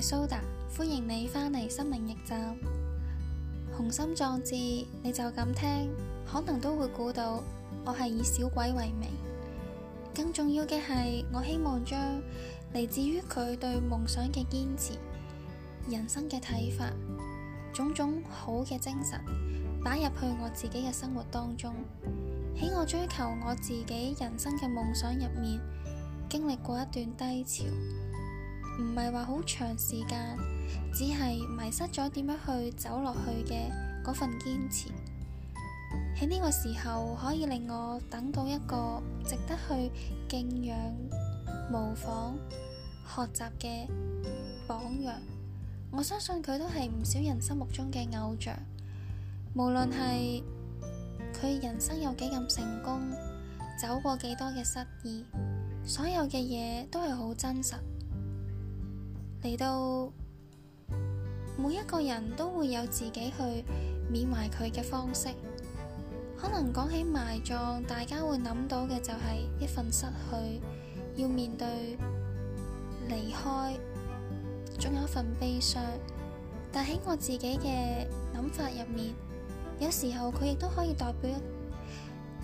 蘇打，Soda，歡迎你返嚟心靈驛站。雄心壯志，你就咁聽，可能都會估到我係以小鬼為名。更重要嘅係，我希望將嚟自於佢對夢想嘅堅持、人生嘅睇法，種種好嘅精神，打入去我自己嘅生活當中。喺我追求我自己人生嘅夢想入面，經歷過一段低潮。唔係話好長時間，只係迷失咗點樣去走落去嘅份堅持。喺呢個時候可以令我等到一個值得去敬仰、模仿、學習嘅榜樣。我相信佢都係唔少人心目中嘅偶像。無論係佢人生有幾咁成功，走過幾多嘅失意，所有嘅嘢都係好真實。嚟到每一個人都會有自己去緬懷佢嘅方式，可能講起埋葬，大家會諗到嘅就係一份失去，要面對離開，仲有一份悲傷。但喺我自己嘅諗法入面，有時候佢亦都可以代表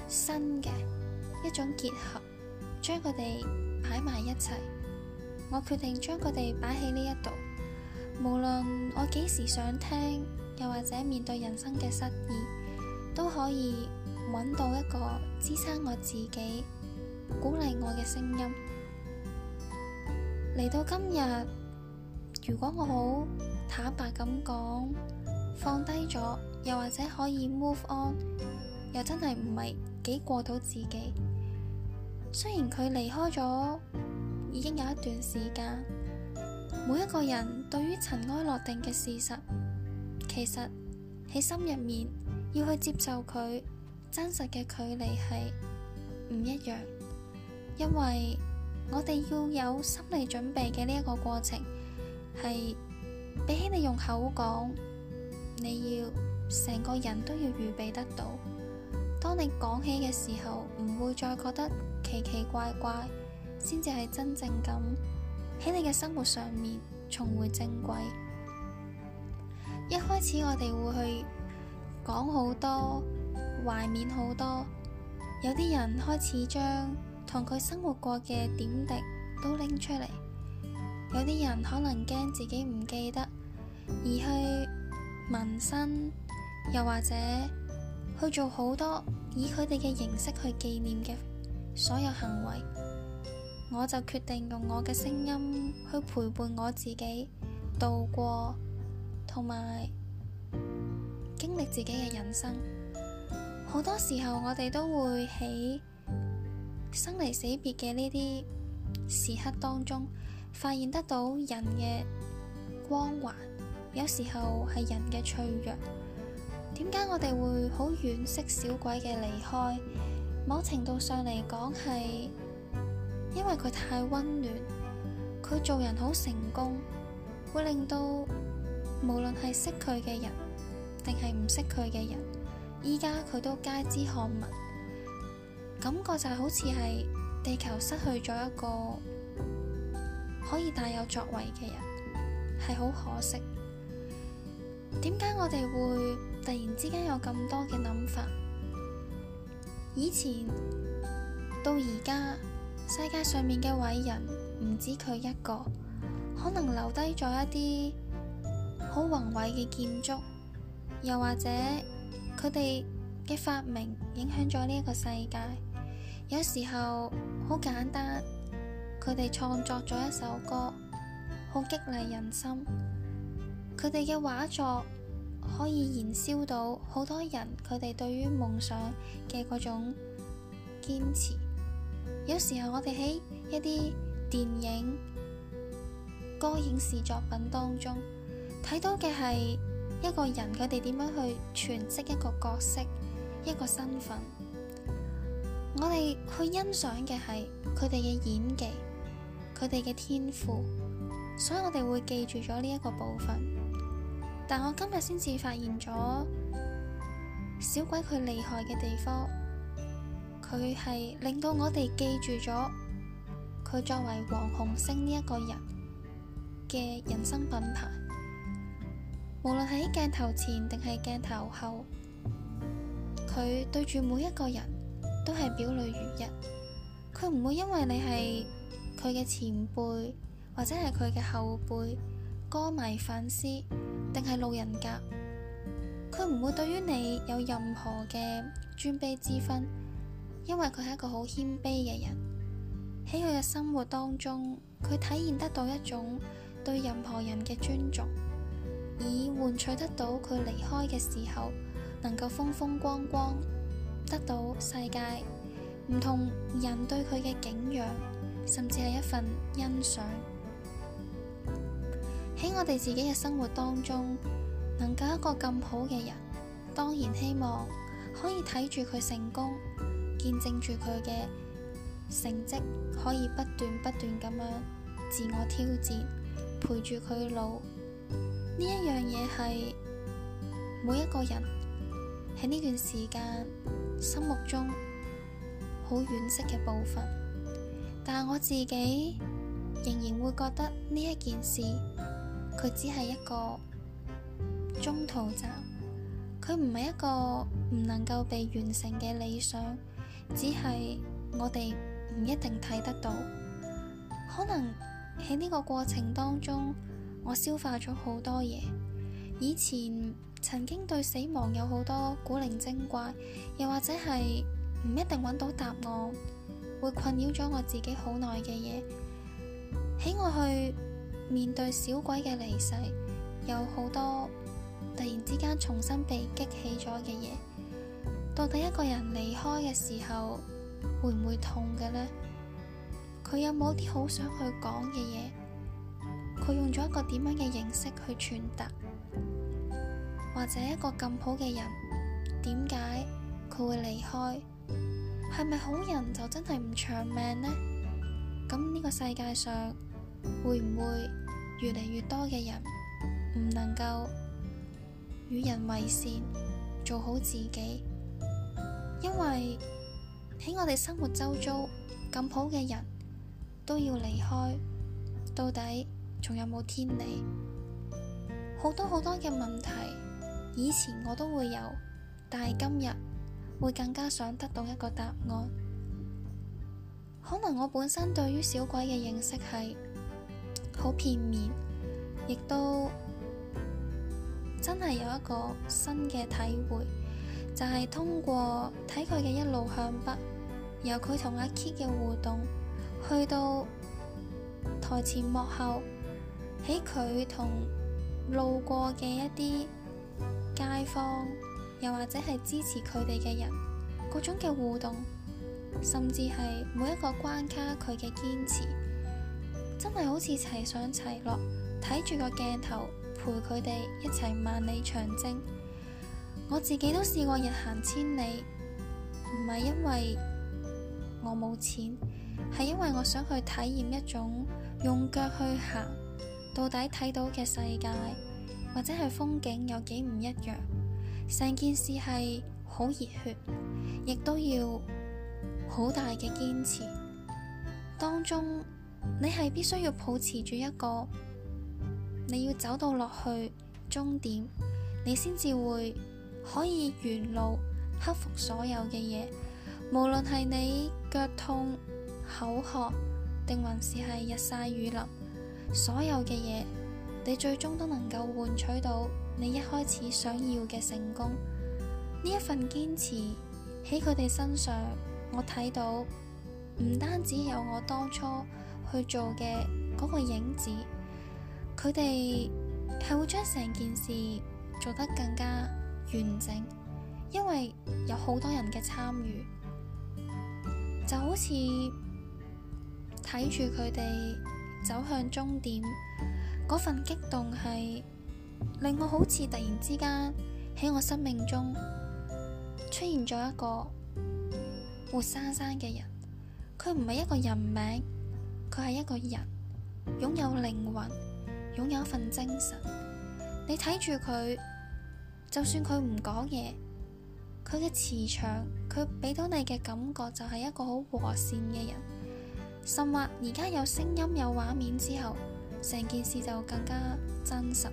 新嘅一種結合，將佢哋擺埋一齊。我決定將佢哋擺喺呢一度，無論我幾時想聽，又或者面對人生嘅失意，都可以揾到一個支撐我自己、鼓勵我嘅聲音。嚟到今日，如果我好坦白咁講，放低咗，又或者可以 move on，又真係唔係幾過到自己。雖然佢離開咗。已經有一段時間，每一個人對於塵埃落定嘅事實，其實喺心入面要去接受佢真實嘅距離係唔一樣，因為我哋要有心理準備嘅呢一個過程係比起你用口講，你要成個人都要預備得到，當你講起嘅時候，唔會再覺得奇奇怪怪。先至係真正咁喺你嘅生活上面重回正軌。一開始我哋會去講好多懷緬好多，有啲人開始將同佢生活過嘅點滴都拎出嚟，有啲人可能驚自己唔記得，而去紋身，又或者去做好多以佢哋嘅形式去紀念嘅所有行為。我就決定用我嘅聲音去陪伴我自己，度過同埋經歷自己嘅人生。好多時候，我哋都會喺生離死別嘅呢啲時刻當中，發現得到人嘅光環，有時候係人嘅脆弱。點解我哋會好惋惜小鬼嘅離開？某程度上嚟講，係。因為佢太溫暖，佢做人好成功，會令到無論係識佢嘅人定係唔識佢嘅人，依家佢都皆知漢文。感覺就好似係地球失去咗一個可以大有作為嘅人，係好可惜。點解我哋會突然之間有咁多嘅諗法？以前到而家。世界上面嘅偉人唔止佢一個，可能留低咗一啲好宏偉嘅建築，又或者佢哋嘅發明影響咗呢一個世界。有時候好簡單，佢哋創作咗一首歌，好激勵人心。佢哋嘅畫作可以燃燒到好多人，佢哋對於夢想嘅嗰種堅持。有時候我哋喺一啲電影、歌、影視作品當中睇到嘅係一個人佢哋點樣去詮釋一個角色、一個身份，我哋去欣賞嘅係佢哋嘅演技、佢哋嘅天賦，所以我哋會記住咗呢一個部分。但我今日先至發現咗小鬼佢厲害嘅地方。佢係令到我哋記住咗佢作為黃鴻升呢一個人嘅人生品牌，無論喺鏡頭前定係鏡頭後，佢對住每一個人都係表裏如一。佢唔會因為你係佢嘅前輩或者係佢嘅後輩、歌迷粉絲定係路人甲。佢唔會對於你有任何嘅尊卑之分。因為佢係一個好謙卑嘅人，喺佢嘅生活當中，佢體現得到一種對任何人嘅尊重，以換取得到佢離開嘅時候能夠風風光光，得到世界，唔同人對佢嘅景仰，甚至係一份欣賞。喺我哋自己嘅生活當中，能夠一個咁好嘅人，當然希望可以睇住佢成功。見證住佢嘅成績，可以不斷不斷咁樣自我挑戰，陪住佢老，呢一樣嘢係每一個人喺呢段時間心目中好惋惜嘅部分。但我自己仍然會覺得呢一件事，佢只係一個中途站，佢唔係一個唔能夠被完成嘅理想。只係我哋唔一定睇得到，可能喺呢個過程當中，我消化咗好多嘢。以前曾經對死亡有好多古靈精怪，又或者係唔一定搵到答案，會困擾咗我自己好耐嘅嘢。喺我去面對小鬼嘅離世，有好多突然之間重新被激起咗嘅嘢。到底一個人離開嘅時候會唔會痛嘅呢？佢有冇啲好想去講嘅嘢？佢用咗一個點樣嘅形式去傳達？或者一個咁好嘅人，點解佢會離開？係咪好人就真係唔長命呢？咁呢個世界上會唔會越嚟越多嘅人唔能夠與人為善，做好自己？因為喺我哋生活周遭咁好嘅人都要離開，到底仲有冇天理？好多好多嘅問題，以前我都會有，但係今日會更加想得到一個答案。可能我本身對於小鬼嘅認識係好片面，亦都真係有一個新嘅體會。就係通過睇佢嘅一路向北，由佢同阿 Kit 嘅互動，去到台前幕後，喺佢同路過嘅一啲街坊，又或者係支持佢哋嘅人，各種嘅互動，甚至係每一個關卡佢嘅堅持，真係好似齊上齊落，睇住個鏡頭，陪佢哋一齊萬里長征。我自己都試過日行千里，唔係因為我冇錢，係因為我想去體驗一種用腳去行到底睇到嘅世界，或者係風景有幾唔一樣。成件事係好熱血，亦都要好大嘅堅持。當中，你係必須要保持住一個你要走到落去終點，你先至會。可以沿路克服所有嘅嘢，無論係你腳痛、口渴，定還是係日曬雨淋，所有嘅嘢，你最終都能夠換取到你一開始想要嘅成功。呢一份堅持喺佢哋身上，我睇到唔單止有我當初去做嘅嗰個影子，佢哋係會將成件事做得更加完整，因為有好多人嘅參與，就好似睇住佢哋走向終點。嗰份激動，係令我好似突然之間喺我生命中出現咗一個活生生嘅人。佢唔係一個人名，佢係一個人，擁有靈魂，擁有一份精神。你睇住佢。就算佢唔講嘢，佢嘅磁場，佢畀到你嘅感覺就係一個好和善嘅人。甚至而家有聲音有畫面之後，成件事就更加真實。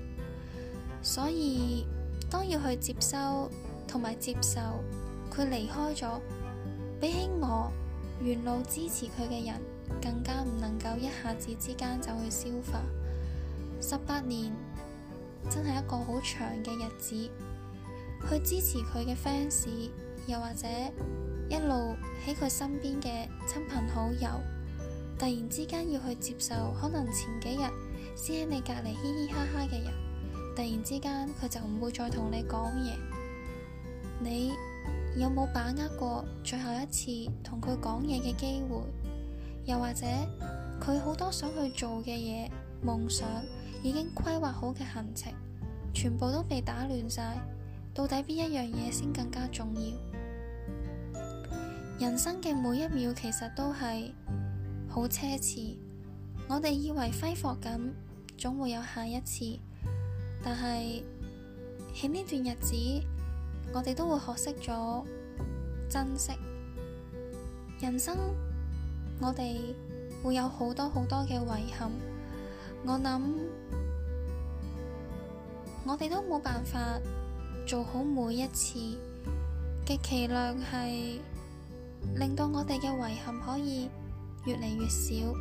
所以當要去接收同埋接受佢離開咗，比起我沿路支持佢嘅人，更加唔能夠一下子之間就去消化。十八年真係一個好長嘅日子。去支持佢嘅 fans，又或者一路喺佢身邊嘅親朋好友，突然之間要去接受，可能前幾日先喺你隔籬嘻嘻哈哈嘅人，突然之間佢就唔會再同你講嘢。你有冇把握過最後一次同佢講嘢嘅機會？又或者佢好多想去做嘅嘢，夢想已經規劃好嘅行程，全部都被打亂晒。到底邊一樣嘢先更加重要？人生嘅每一秒其實都係好奢侈，我哋以為揮霍咁，總會有下一次，但係喺呢段日子，我哋都會學識咗珍惜。人生，我哋會有好多好多嘅遺憾，我諗我哋都冇辦法。做好每一次，極其量係令到我哋嘅遺憾可以越嚟越少。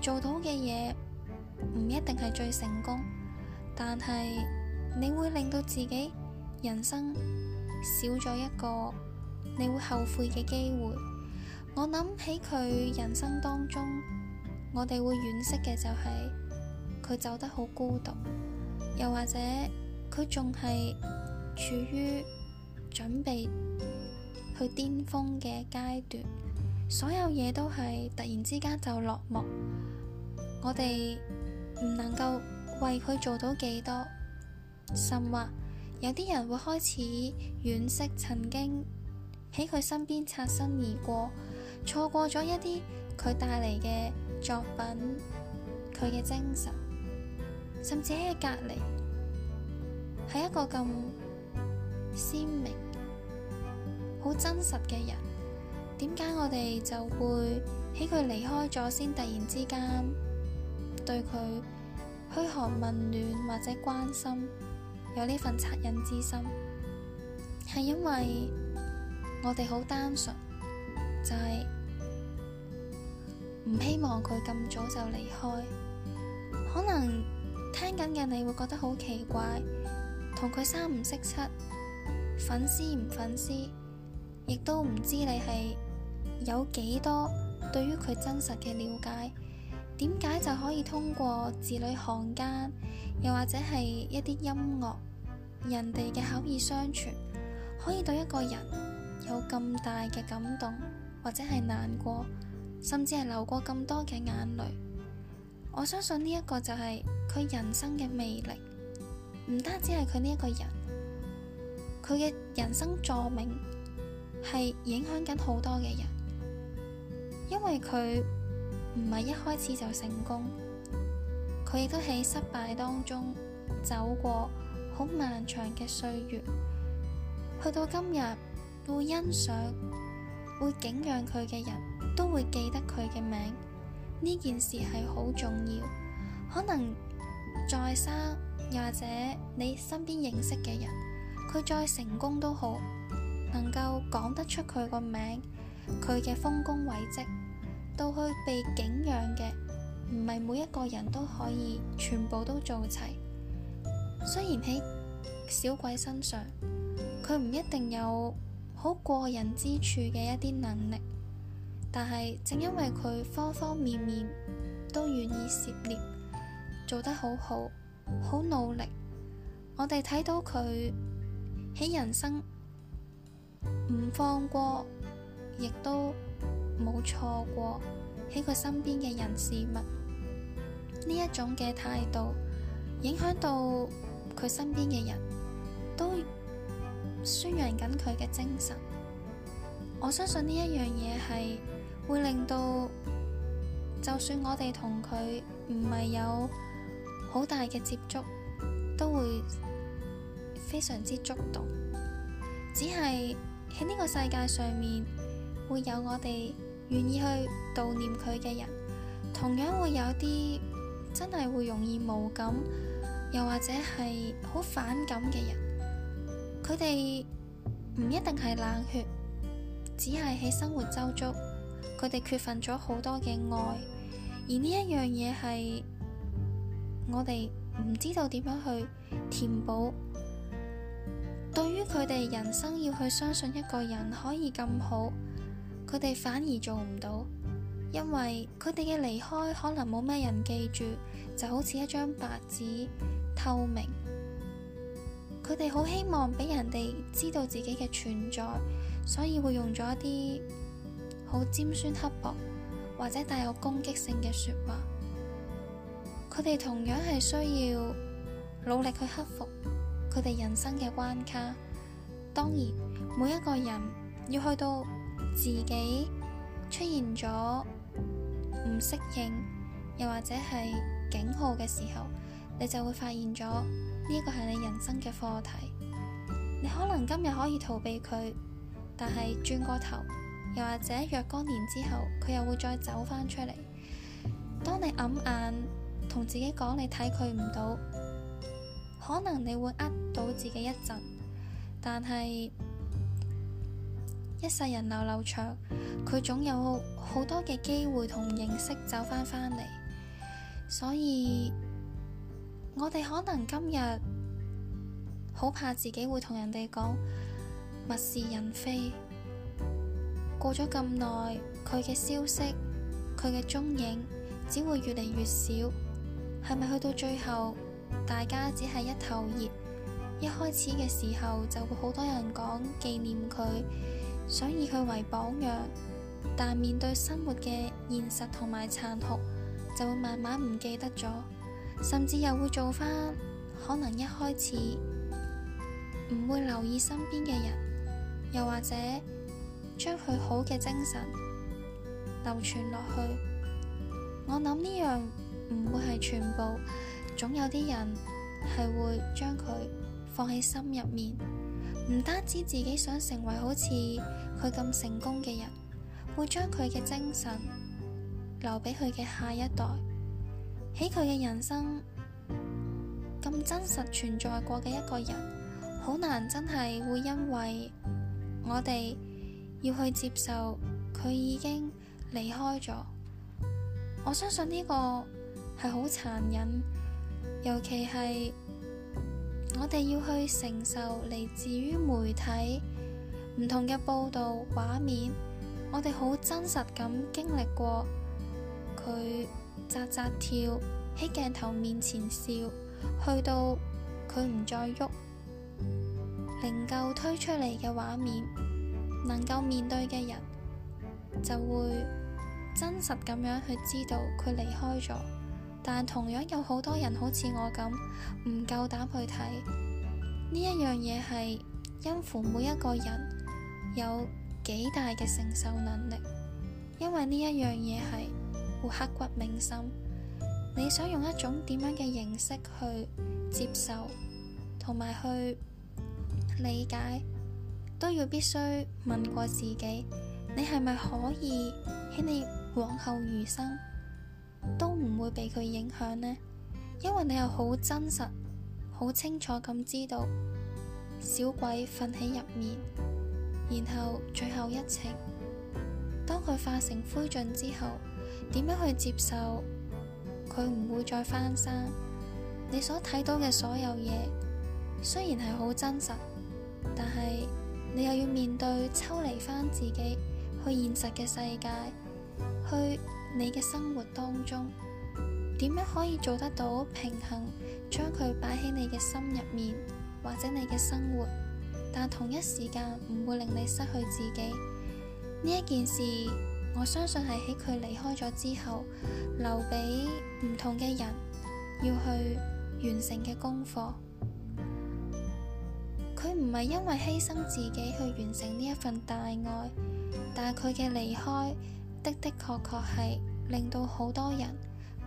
做到嘅嘢唔一定係最成功，但係你會令到自己人生少咗一個你會後悔嘅機會。我諗喺佢人生當中，我哋會惋惜嘅就係佢走得好孤獨，又或者佢仲係。處於準備去巔峰嘅階段，所有嘢都係突然之間就落幕。我哋唔能夠為佢做到幾多，甚或有啲人會開始惋惜曾經喺佢身邊擦身而過，錯過咗一啲佢帶嚟嘅作品，佢嘅精神，甚至喺隔離係一個咁鮮明、好真實嘅人，點解我哋就會喺佢離開咗先，突然之間對佢噓寒問暖或者關心，有呢份惻隱之心，係因為我哋好單純，就係、是、唔希望佢咁早就離開。可能聽緊嘅你會覺得好奇怪，同佢三唔識七，粉絲唔粉絲，亦都唔知你係有幾多對於佢真實嘅了解。點解就可以通過字裏行間，又或者係一啲音樂、人哋嘅口耳相傳，可以對一個人有咁大嘅感動，或者係難過，甚至係流過咁多嘅眼淚。我相信呢一個就係佢人生嘅魅力，唔單止係佢呢一個人。佢嘅人生座名係影響緊好多嘅人，因為佢唔係一開始就成功，佢亦都喺失敗當中走過好漫長嘅歲月，去到今日會欣賞會景仰佢嘅人都會記得佢嘅名。呢件事係好重要，可能在生又或者你身邊認識嘅人。佢再成功都好，能夠講得出佢個名，佢嘅豐功偉績到去被景仰嘅，唔係每一個人都可以全部都做齊。雖然喺小鬼身上，佢唔一定有好過人之處嘅一啲能力，但係正因為佢方方面面都願意涉獵，做得好好，好努力，我哋睇到佢。喺人生唔放過，亦都冇錯過喺佢身邊嘅人事物呢一種嘅態度，影響到佢身邊嘅人都宣揚緊佢嘅精神。我相信呢一樣嘢係會令到，就算我哋同佢唔係有好大嘅接觸，都會。非常之觸動，只係喺呢個世界上面會有我哋願意去悼念佢嘅人，同樣會有啲真係會容易無感又或者係好反感嘅人。佢哋唔一定係冷血，只係喺生活周遭，佢哋缺乏咗好多嘅愛，而呢一樣嘢係我哋唔知道點樣去填補。對於佢哋，人生要去相信一個人可以咁好，佢哋反而做唔到，因為佢哋嘅離開可能冇咩人記住，就好似一張白紙，透明。佢哋好希望俾人哋知道自己嘅存在，所以會用咗一啲好尖酸刻薄或者帶有攻擊性嘅說話。佢哋同樣係需要努力去克服。佢哋人生嘅關卡，當然每一個人要去到自己出現咗唔適應，又或者係警號嘅時候，你就會發現咗呢個係你人生嘅課題。你可能今日可以逃避佢，但係轉個頭，又或者若干年之後，佢又會再走返出嚟。當你揞眼同自己講，你睇佢唔到。可能你會呃到自己一陣，但係一世人流流長，佢總有好多嘅機會同認識走返返嚟，所以我哋可能今日好怕自己會同人哋講物是人非。過咗咁耐，佢嘅消息，佢嘅蹤影，只會越嚟越少。係咪去到最後？大家只係一頭熱，一開始嘅時候就會好多人講紀念佢，想以佢為榜樣，但面對生活嘅現實同埋殘酷，就會慢慢唔記得咗，甚至又會做翻。可能一開始唔會留意身邊嘅人，又或者將佢好嘅精神流傳落去。我諗呢樣唔會係全部。總有啲人係會將佢放喺心入面，唔單止自己想成為好似佢咁成功嘅人，會將佢嘅精神留俾佢嘅下一代。喺佢嘅人生，咁真實存在過嘅一個人，好難真係會因為我哋要去接受佢已經離開咗。我相信呢個係好殘忍。尤其係我哋要去承受嚟自於媒體唔同嘅報道畫面，我哋好真實咁經歷過佢紮扎跳喺鏡頭面前笑，去到佢唔再喐，靈柩推出嚟嘅畫面，能夠面對嘅人就會真實咁樣去知道佢離開咗。但同樣有好多人好似我咁唔夠膽去睇呢一樣嘢，係因乎每一個人有幾大嘅承受能力。因為呢一樣嘢係會刻骨銘心，你想用一種點樣嘅形式去接受同埋去理解，都要必須問過自己，你係咪可以喺你往後餘生，都唔會被佢影響呢，因為你又好真實，好清楚咁知道小鬼瞓喺入面，然後最後一程，當佢化成灰燼之後，點樣去接受佢唔會再翻生。你所睇到嘅所有嘢雖然係好真實，但係你又要面對抽離翻自己去現實嘅世界去。你嘅生活當中，點樣可以做得到平衡？將佢擺喺你嘅心入面，或者你嘅生活，但同一時間唔會令你失去自己。呢一件事，我相信係喺佢離開咗之後，留俾唔同嘅人要去完成嘅功課。佢唔係因為犧牲自己去完成呢一份大愛，但係佢嘅離開。的的確確係令到好多人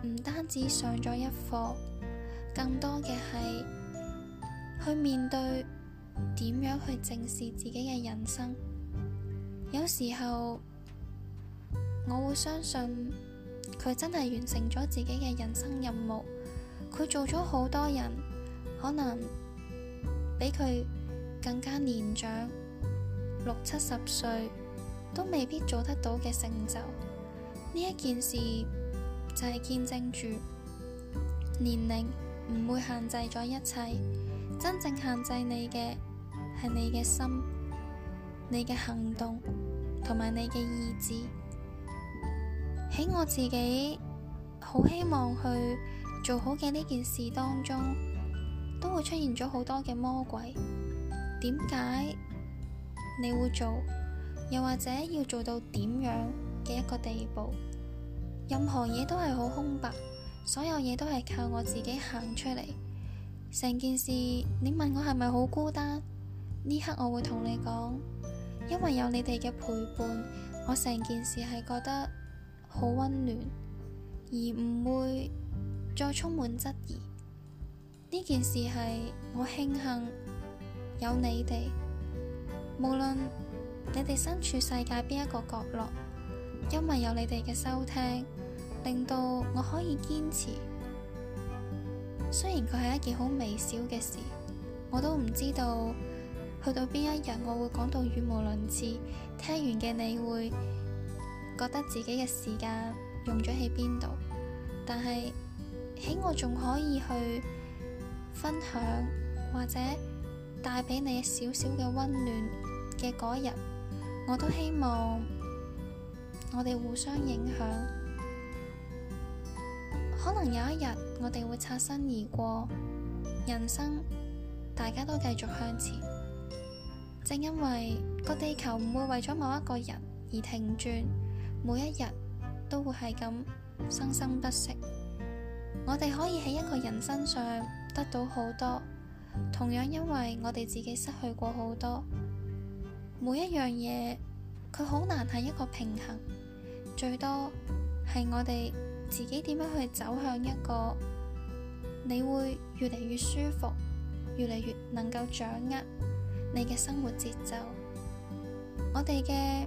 唔單止上咗一課，更多嘅係去面對點樣去正視自己嘅人生。有時候我會相信佢真係完成咗自己嘅人生任務。佢做咗好多人，可能比佢更加年長，六七十歲。都未必做得到嘅成就，呢一件事就係見證住年齡唔會限制咗一切，真正限制你嘅係你嘅心、你嘅行動同埋你嘅意志。喺我自己好希望去做好嘅呢件事當中，都會出現咗好多嘅魔鬼。點解你會做？又或者要做到點樣嘅一個地步，任何嘢都係好空白，所有嘢都係靠我自己行出嚟。成件事你問我係咪好孤單？呢刻我會同你講，因為有你哋嘅陪伴，我成件事係覺得好溫暖，而唔會再充滿質疑。呢件事係我慶幸有你哋，無論，你哋身處世界邊一個角落，因為有你哋嘅收聽，令到我可以堅持。雖然佢係一件好微小嘅事，我都唔知道去到邊一日我會講到語無倫次。聽完嘅你會覺得自己嘅時間用咗喺邊度，但係喺我仲可以去分享或者帶俾你少少嘅溫暖嘅嗰日。我都希望我哋互相影響，可能有一日我哋會擦身而過，人生大家都繼續向前。正因為個地球唔會為咗某一個人而停轉，每一日都會係咁生生不息。我哋可以喺一個人身上得到好多，同樣因為我哋自己失去過好多。每一樣嘢，佢好難係一個平衡，最多係我哋自己點樣去走向一個，你會越嚟越舒服，越嚟越能夠掌握你嘅生活節奏。我哋嘅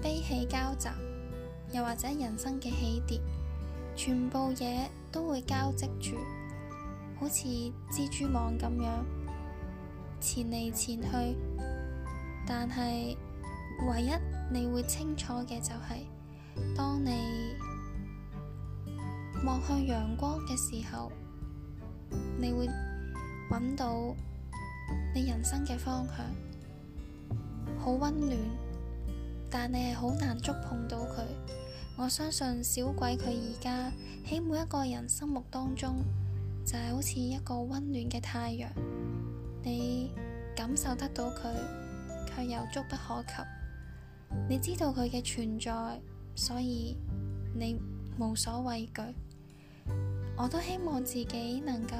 悲喜交集，又或者人生嘅起跌，全部嘢都會交織住，好似蜘蛛網咁樣，纏嚟纏去。但係唯一你會清楚嘅，就係，當你望向陽光嘅時候，你會揾到你人生嘅方向，好溫暖。但你係好難觸碰到佢。我相信小鬼佢而家喺每一個人心目當中就係好似一個溫暖嘅太陽，你感受得到佢。卻又觸不可及，你知道佢嘅存在，所以你無所畏懼。我都希望自己能夠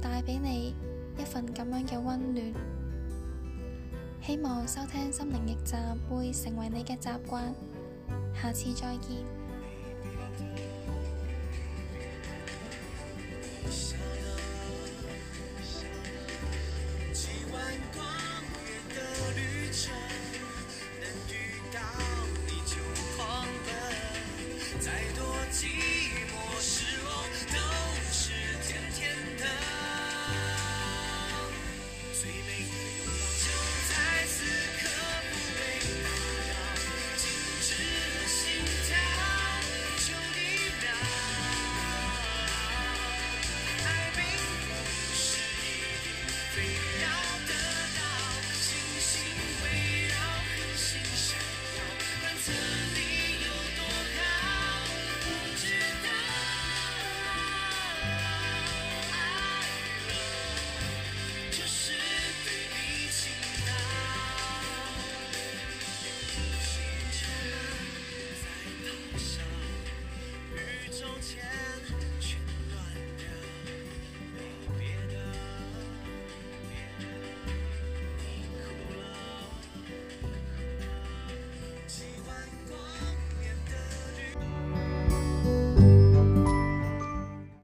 帶俾你一份咁樣嘅溫暖。希望收聽心靈驛站會成為你嘅習慣，下次再見。